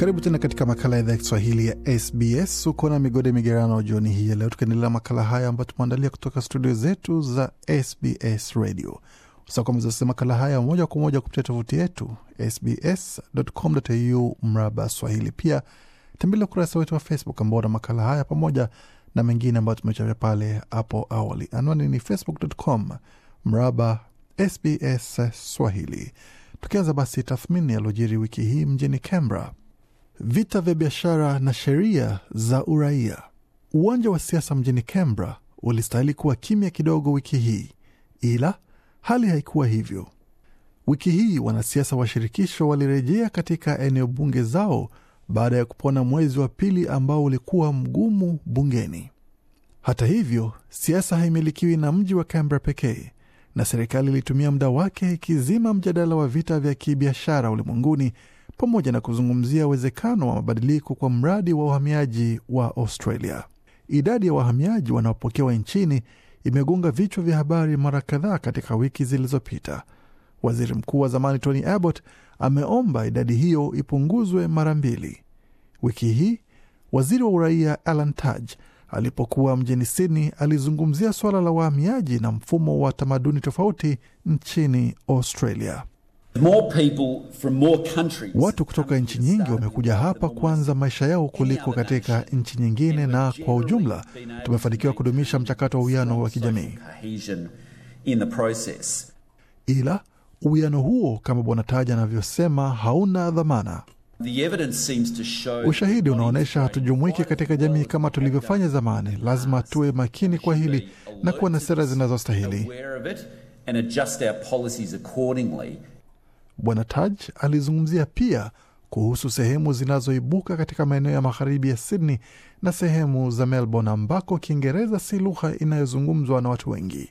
Karibu tena katika makala ya idhaa ya Kiswahili ya SBS. Uko na Migode Migerano jioni hii ya leo, tukiendelea makala haya ambayo tumeandalia kutoka studio zetu za SBS Radio. Usakomezasi makala haya moja kwa moja kupitia tovuti yetu sbs.com.au mraba swahili. Pia tembelea ukurasa wetu wa Facebook ambao na makala haya pamoja na mengine ambayo tumechapisha pale hapo awali. Anwani ni facebook.com mraba SBS Swahili. Tukianza basi tathmini yalojiri wiki hii mjini Canberra vita vya biashara na sheria za uraia. Uwanja wa siasa mjini Canberra ulistahili kuwa kimya kidogo wiki hii, ila hali haikuwa hivyo. Wiki hii wanasiasa wa shirikisho walirejea katika eneo bunge zao baada ya kupona mwezi wa pili ambao ulikuwa mgumu bungeni. Hata hivyo, siasa haimilikiwi na mji wa Canberra pekee, na serikali ilitumia muda wake ikizima mjadala wa vita vya kibiashara ulimwenguni pamoja na kuzungumzia uwezekano wa mabadiliko kwa mradi wa uhamiaji wa Australia. Idadi ya wahamiaji wanaopokewa nchini imegonga vichwa vya habari mara kadhaa katika wiki zilizopita. Waziri mkuu wa zamani Tony Abbott ameomba idadi hiyo ipunguzwe mara mbili. Wiki hii waziri wa uraia Alan Tudge alipokuwa mjini Sydney alizungumzia suala la wahamiaji na mfumo wa tamaduni tofauti nchini Australia. Watu kutoka nchi nyingi wamekuja hapa kuanza maisha yao kuliko katika nchi nyingine, na kwa ujumla tumefanikiwa kudumisha mchakato wa uwiano wa kijamii. Ila uwiano huo, kama Bwana Taja anavyosema, hauna dhamana. Ushahidi unaonyesha hatujumuiki katika jamii kama tulivyofanya zamani. Lazima tuwe makini kwa hili na kuwa na sera zinazostahili. Bwana Taj alizungumzia pia kuhusu sehemu zinazoibuka katika maeneo ya magharibi ya Sydney na sehemu za Melbourne ambako Kiingereza si lugha inayozungumzwa na watu wengi.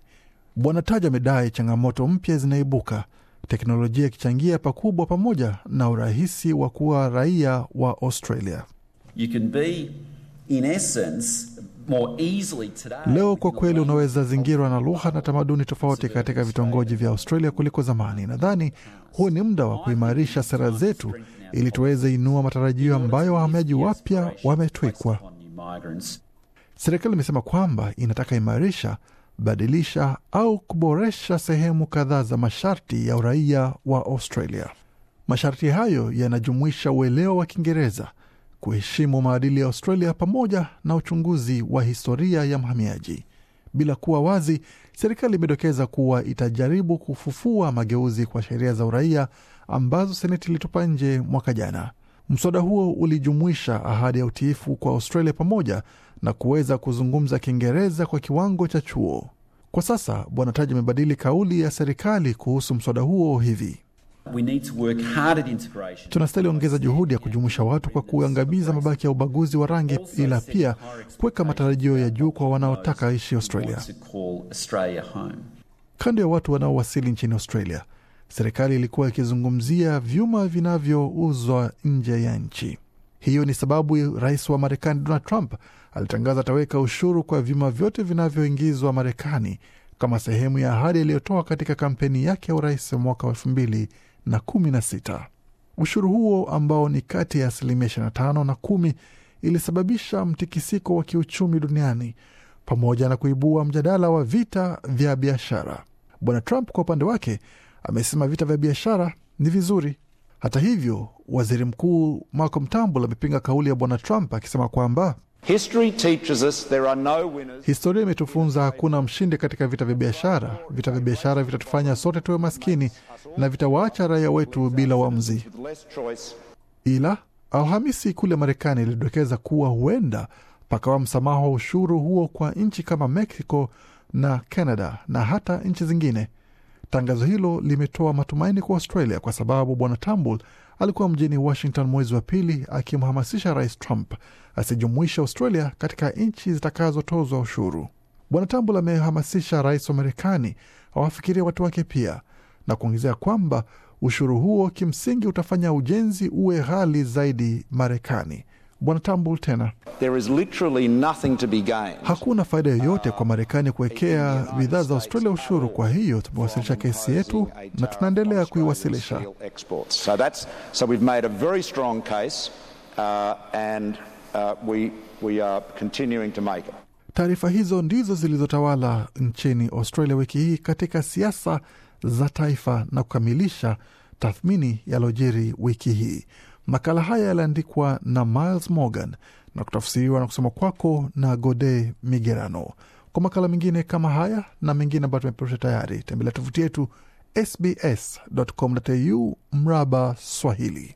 Bwana Taj amedai changamoto mpya zinaibuka, teknolojia ikichangia pakubwa, pamoja na urahisi wa kuwa raia wa Australia. You can be in essence Leo kwa kweli unaweza zingirwa na lugha na tamaduni tofauti katika vitongoji vya Australia kuliko zamani. Nadhani huu ni muda wa kuimarisha sera zetu ili tuweze inua matarajio ambayo wahamiaji wapya wametwikwa. Serikali imesema kwamba inataka imarisha, badilisha au kuboresha sehemu kadhaa za masharti ya uraia wa Australia. Masharti hayo yanajumuisha uelewa wa Kiingereza kuheshimu maadili ya Australia pamoja na uchunguzi wa historia ya mhamiaji. Bila kuwa wazi, serikali imedokeza kuwa itajaribu kufufua mageuzi kwa sheria za uraia ambazo seneti ilitupa nje mwaka jana. Mswada huo ulijumuisha ahadi ya utiifu kwa Australia pamoja na kuweza kuzungumza Kiingereza kwa kiwango cha chuo. Kwa sasa, Bwana Taji amebadili kauli ya serikali kuhusu mswada huo hivi Tunastahili ongeza juhudi ya kujumuisha watu kwa kuangamiza mabaki ya ubaguzi wa rangi, ila pia kuweka matarajio ya juu kwa wanaotaka ishi Australia. Kando ya watu wanaowasili nchini Australia, serikali ilikuwa ikizungumzia vyuma vinavyouzwa nje ya nchi. Hiyo ni sababu rais wa Marekani Donald Trump alitangaza ataweka ushuru kwa vyuma vyote vinavyoingizwa Marekani kama sehemu ya ahadi aliyotoa katika kampeni yake ya urais mwaka wa elfu mbili na kumi na sita. Ushuru huo ambao ni kati ya asilimia 25 na kumi ilisababisha mtikisiko wa kiuchumi duniani pamoja na kuibua mjadala wa vita vya biashara. Bwana Trump kwa upande wake amesema vita vya biashara ni vizuri. Hata hivyo, waziri mkuu Malcolm Turnbull amepinga kauli ya bwana Trump akisema kwamba Historia imetufunza hakuna mshindi katika vita vya biashara. Vita vya biashara vitatufanya sote tuwe maskini na vitawaacha raia wetu bila uamuzi. Ila Alhamisi kule Marekani ilidokeza kuwa huenda pakawa msamaha wa ushuru huo kwa nchi kama Mexico na Canada na hata nchi zingine. Tangazo hilo limetoa matumaini kwa Australia kwa sababu bwana Tambul alikuwa mjini Washington mwezi wa pili akimhamasisha rais Trump asijumuisha Australia katika nchi zitakazotozwa ushuru. Bwana Tambul amehamasisha rais wa Marekani awafikirie watu wake pia na kuongezea kwamba ushuru huo kimsingi utafanya ujenzi uwe ghali zaidi Marekani. Bwana tambul tena, There is literally nothing to be gained. Hakuna faida yoyote kwa Marekani kuwekea bidhaa za Australia ushuru. Kwa hiyo tumewasilisha kesi yetu na tunaendelea kuiwasilisha. Uh, uh, Taarifa hizo ndizo zilizotawala nchini Australia wiki hii katika siasa za taifa na kukamilisha tathmini yalojiri wiki hii. Makala haya yaliandikwa na Miles Morgan na kutafsiriwa na kusoma kwako na Gode Migerano. Kwa makala mengine kama haya na mengine ambayo tumeperusha tayari, tembelea tovuti yetu sbs.com.au mraba Swahili.